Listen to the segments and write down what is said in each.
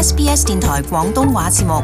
SBS 電台廣東話節目，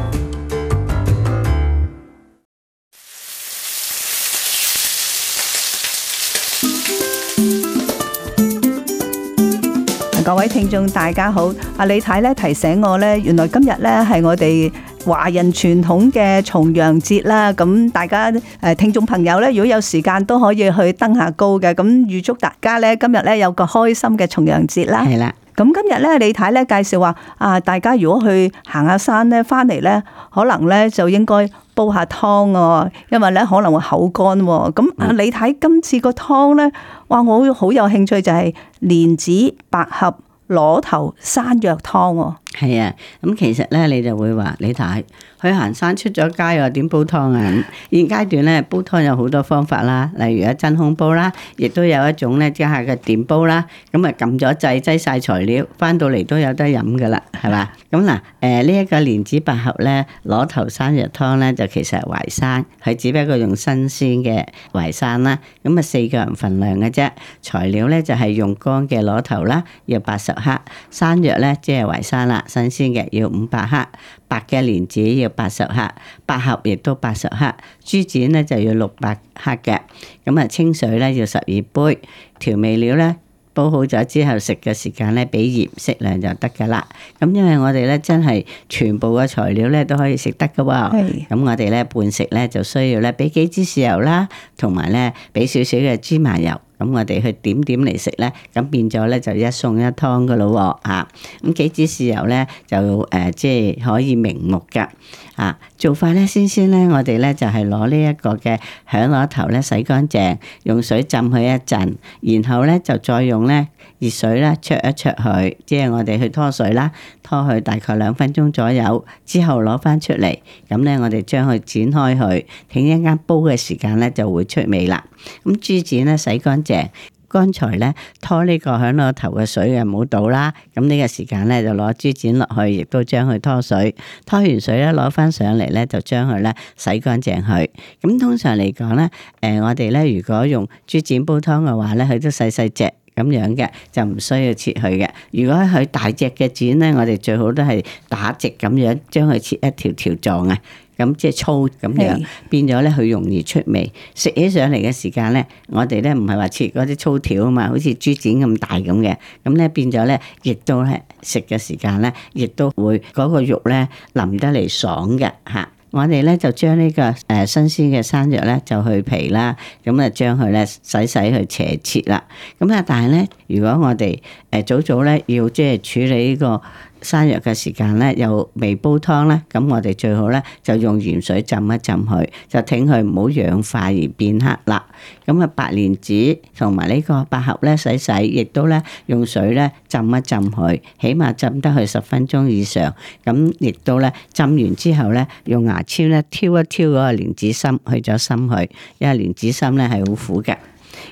各位聽眾大家好。阿李太咧提醒我咧，原來今日咧係我哋華人傳統嘅重陽節啦。咁大家誒，聽眾朋友咧，如果有時間都可以去登下高嘅。咁預祝大家咧今日咧有個開心嘅重陽節啦。係啦。咁今日咧，李太咧介紹話：大家如果去行下山咧，翻嚟咧，可能咧就應該煲下湯喎，因為咧可能會口乾喎。咁、嗯、李太今次個湯咧，哇，我好有興趣就係蓮子百合螺頭山藥湯喎。係啊，咁、嗯、其實咧，你就會話你睇，去行山出咗街又點煲湯啊？現階段咧，煲湯有好多方法啦，例如一真空煲啦，亦都有一種咧即係嘅電煲啦。咁啊撳咗掣，擠晒材料，翻到嚟都有得飲噶啦，係嘛？咁、嗯、嗱，誒、嗯這個、呢一個蓮子百合咧，螺頭山藥湯咧，就其實係淮山，佢只不過用新鮮嘅淮山啦。咁、嗯、啊四個人份量嘅啫，材料咧就係、是、用乾嘅螺頭啦，約八十克山藥咧，即係淮山啦。新鮮嘅要五百克，白嘅蓮子要八十克，百合亦都八十克，豬展咧就要六百克嘅。咁啊清水咧要十二杯，調味料咧煲好咗之後食嘅時間咧，俾鹽適量就得噶啦。咁因為我哋咧真係全部嘅材料咧都可以食得噶，咁是我哋咧半食咧就需要咧俾幾支豉油啦，同埋咧俾少少嘅芝麻油，咁我哋去點點嚟食咧，咁變咗咧就一餸一湯嘅咯喎嚇。咁、啊、幾枝豉油咧就誒、呃，即係可以明目嘅。啊，做法咧先先咧，我哋咧就係攞呢一個嘅響螺頭咧洗乾淨，用水浸佢一陣，然後咧就再用咧熱水咧灼一灼佢，即係我哋去拖水啦，拖佢大概兩分鐘左右，之後攞翻出嚟，咁咧我哋將佢剪開佢，停一間煲嘅時間咧就會出味啦。咁豬展咧洗乾。淨剛才咧拖呢個響我頭嘅水嘅冇倒啦，咁呢個時間咧就攞豬展落去，亦都將佢拖水，拖完水咧攞翻上嚟，咧就將佢咧洗乾淨佢。咁通常嚟講咧，誒、呃、我哋咧如果用豬展煲湯嘅話咧，佢都細細隻咁樣嘅，就唔需要切佢嘅。如果佢大隻嘅展咧，我哋最好都係打直咁樣將佢切一條條狀啊。咁即係粗咁樣，變咗咧佢容易出味，食是起上嚟嘅時間咧，我哋咧唔係話切嗰啲粗條啊嘛，好似豬展咁大咁嘅，咁咧變咗咧，亦都係食嘅時間咧，亦都會嗰個肉咧淋得嚟爽嘅吓。我哋咧就將呢個誒新鮮嘅山藥咧就去皮啦，咁啊將佢咧洗洗去斜切啦。咁啊，但係咧，如果我哋誒早早咧要即係處理呢、這個。山藥嘅時間咧，又未煲湯咧，咁我哋最好咧就用鹽水浸一浸佢，就挺佢唔好氧化而變黑啦。咁啊，白蓮子同埋呢個百合咧，洗洗，亦都咧用水咧浸一浸佢，起碼浸得去十分鐘以上。咁亦都咧浸完之後咧，用牙籤咧挑一挑嗰個蓮子心，去咗心去，因為蓮子心咧係好苦嘅。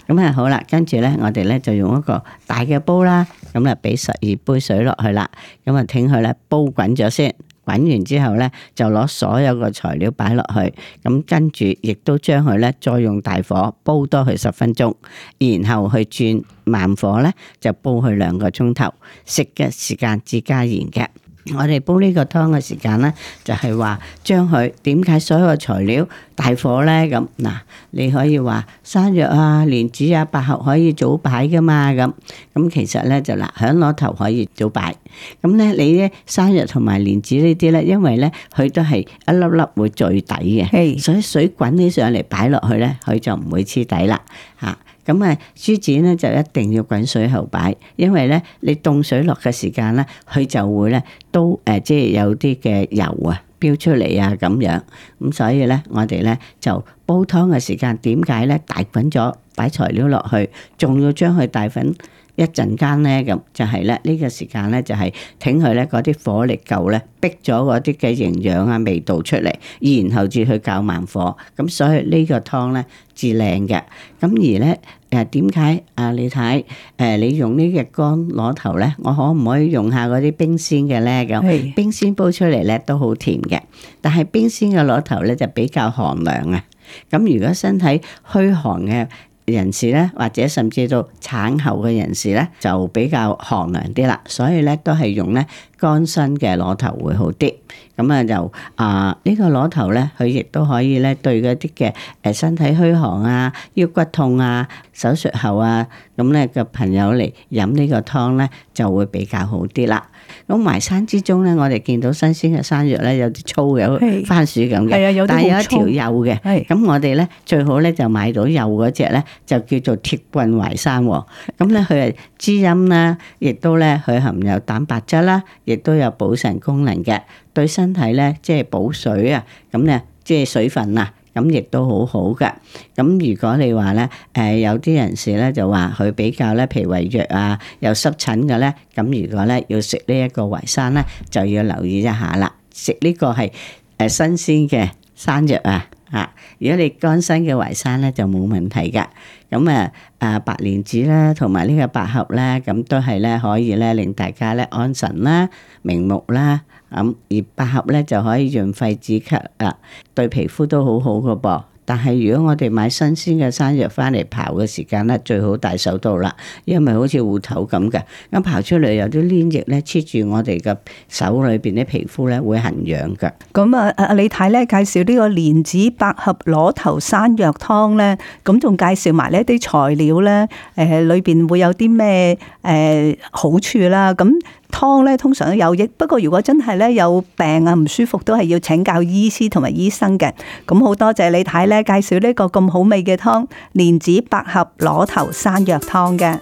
咁啊好啦，跟住咧我哋咧就用一個大嘅煲啦。咁啊，俾十二杯水落去啦，咁啊，等佢煲滾咗先，滾完之後呢，就攞所有個材料擺落去，咁跟住亦都將佢呢，再用大火煲多佢十分鐘，然後去轉慢火呢，就煲佢兩個鐘頭，食嘅時間至加鹽嘅。我哋煲呢個湯嘅時間咧，就係話將佢點解所有材料大火咧咁嗱，你可以話山藥啊、蓮子啊、百合可以早擺噶嘛咁，咁其實咧就嗱，響螺頭可以早擺。咁咧你咧山藥同埋蓮子呢啲咧，因為咧佢都係一粒粒會最底嘅，hey, 所以水滾起上嚟擺落去咧，佢就唔會黐底啦嚇。啊咁啊，豬展咧就一定要滾水後擺，因為咧，你凍水落嘅時間咧，佢就會咧都誒、呃，即係有啲嘅油啊飆出嚟啊咁樣。咁所以咧，我哋咧就煲湯嘅時間，點解咧大滾咗擺材料落去，仲要將佢大滾？一陣間咧咁就係咧呢個時間咧就係請佢咧嗰啲火力夠咧逼咗嗰啲嘅營養啊味道出嚟，然後至去較慢火。咁所以呢個湯咧至靚嘅。咁而咧誒點解啊？你睇誒、呃、你用呢隻乾螺頭咧，我可唔可以用下嗰啲冰鮮嘅咧？咁冰鮮煲出嚟咧都好甜嘅，但係冰鮮嘅螺頭咧就比較寒涼啊。咁如果身體虛寒嘅，人士咧，或者甚至到產後嘅人士咧，就比較寒涼啲啦，所以咧，都係用咧。乾身嘅螺頭會好啲，咁啊就啊、這個、呢個螺頭咧，佢亦都可以咧對嗰啲嘅誒身體虛寒啊、腰骨痛啊、手術後啊，咁咧嘅朋友嚟飲呢個湯咧就會比較好啲啦。咁淮山之中咧，我哋見到新鮮嘅山藥咧有啲粗嘅是番薯咁嘅，啊、有但係有一條幼嘅。咁是我哋咧最好咧就買到幼嗰隻咧，就叫做鐵棍淮山。咁咧佢係滋陰啦，亦都咧佢含有蛋白質啦，亦都有補腎功能嘅，對身體咧即係補水啊，咁咧即係水分啊，咁亦都好好噶。咁如果你話咧，誒有啲人士咧就話佢比較咧脾胃弱啊，又濕疹嘅咧，咁如果咧要食呢一個淮山咧，就要留意一下啦。食呢個係誒新鮮嘅山藥啊。啊！如果你乾身嘅維生淮山咧就冇問題㗎，咁啊啊白蓮子啦，同埋呢個百合啦，咁都係咧可以咧令大家咧安神啦、明目啦，咁、啊、而百合咧就可以潤肺止咳啊，對皮膚都好好嘅噃。但係如果我哋買新鮮嘅山藥翻嚟刨嘅時間咧，最好戴手套啦，因為好似芋頭咁嘅，咁刨出嚟有啲黏液咧，黐住我哋嘅手裏邊啲皮膚咧，會痕癢嘅。咁啊，阿李太咧介紹呢個蓮子百合螺頭山藥湯咧，咁仲介紹埋呢啲材料咧，誒、呃，裏邊會有啲咩誒好處啦？咁。湯咧通常都有益，不過如果真係咧有病啊唔舒服，都係要請教醫師同埋醫生嘅。咁好多謝李太咧介紹呢個咁好味嘅湯——蓮子百合螺頭山藥湯嘅。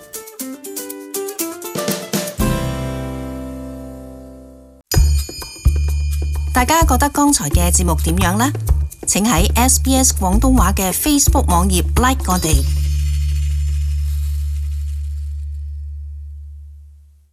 大家覺得剛才嘅節目點樣呢？請喺 SBS 廣東話嘅 Facebook 網頁 like 我哋。